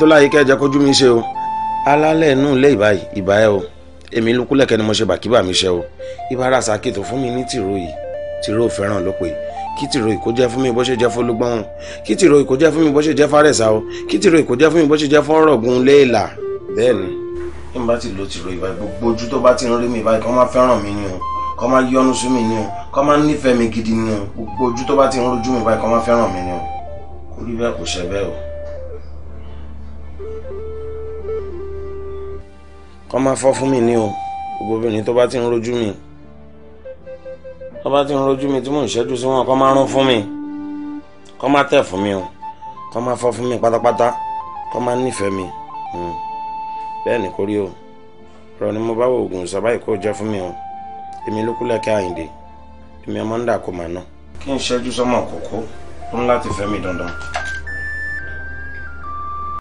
nítorí láyé kẹjẹ kójú mi ṣe o alálẹ̀ inú ilé ìbá ìbá ẹ o èmi ló kúlẹ̀kẹ́ ni mo ṣe bàkíbà mi ṣe o ibà rasaki tó fún mi ní tìró yìí tìró fẹ́ràn ló pé kí tìró yìí kó jẹ́ fún mi bó ṣe jẹ́ fọlọ́gbọ́n o kí tìró yìí kó jẹ́ fún mi bó ṣe jẹ́ fárẹ̀sà o kí tìró yìí kó jẹ́ fún mi bó ṣe jẹ́ fọ́rọ̀gùn léèlà bẹ́ẹ̀ ni bí mo bá ti lo tìró yìí báyìí gbogbo ojú tó bá ti ń kọ́ máa fọ́ fún mi ní o gbogbo obìnrin tó bá ti ń rojú mi tó bá ti ń rojú mi tí mò ń ṣẹ́jú sí wọn kọ́ máa rún fún mi kọ́ máa tẹ̀ fún mi o kọ́ máa fọ́ fún mi pátápátá kọ́ nífẹ̀ẹ́ mi hmm. bẹ́ẹ̀ ni kórí o rọ ni mo bá wo oògùn sábà ìkó jẹ́ fún mi o èmi ló kúlẹ̀ kí àyìndé èmi ọmọ ń dà kó màá ná kí n ṣẹ́jú sọ́mọ kókó fún láti fẹ́ mi dandan.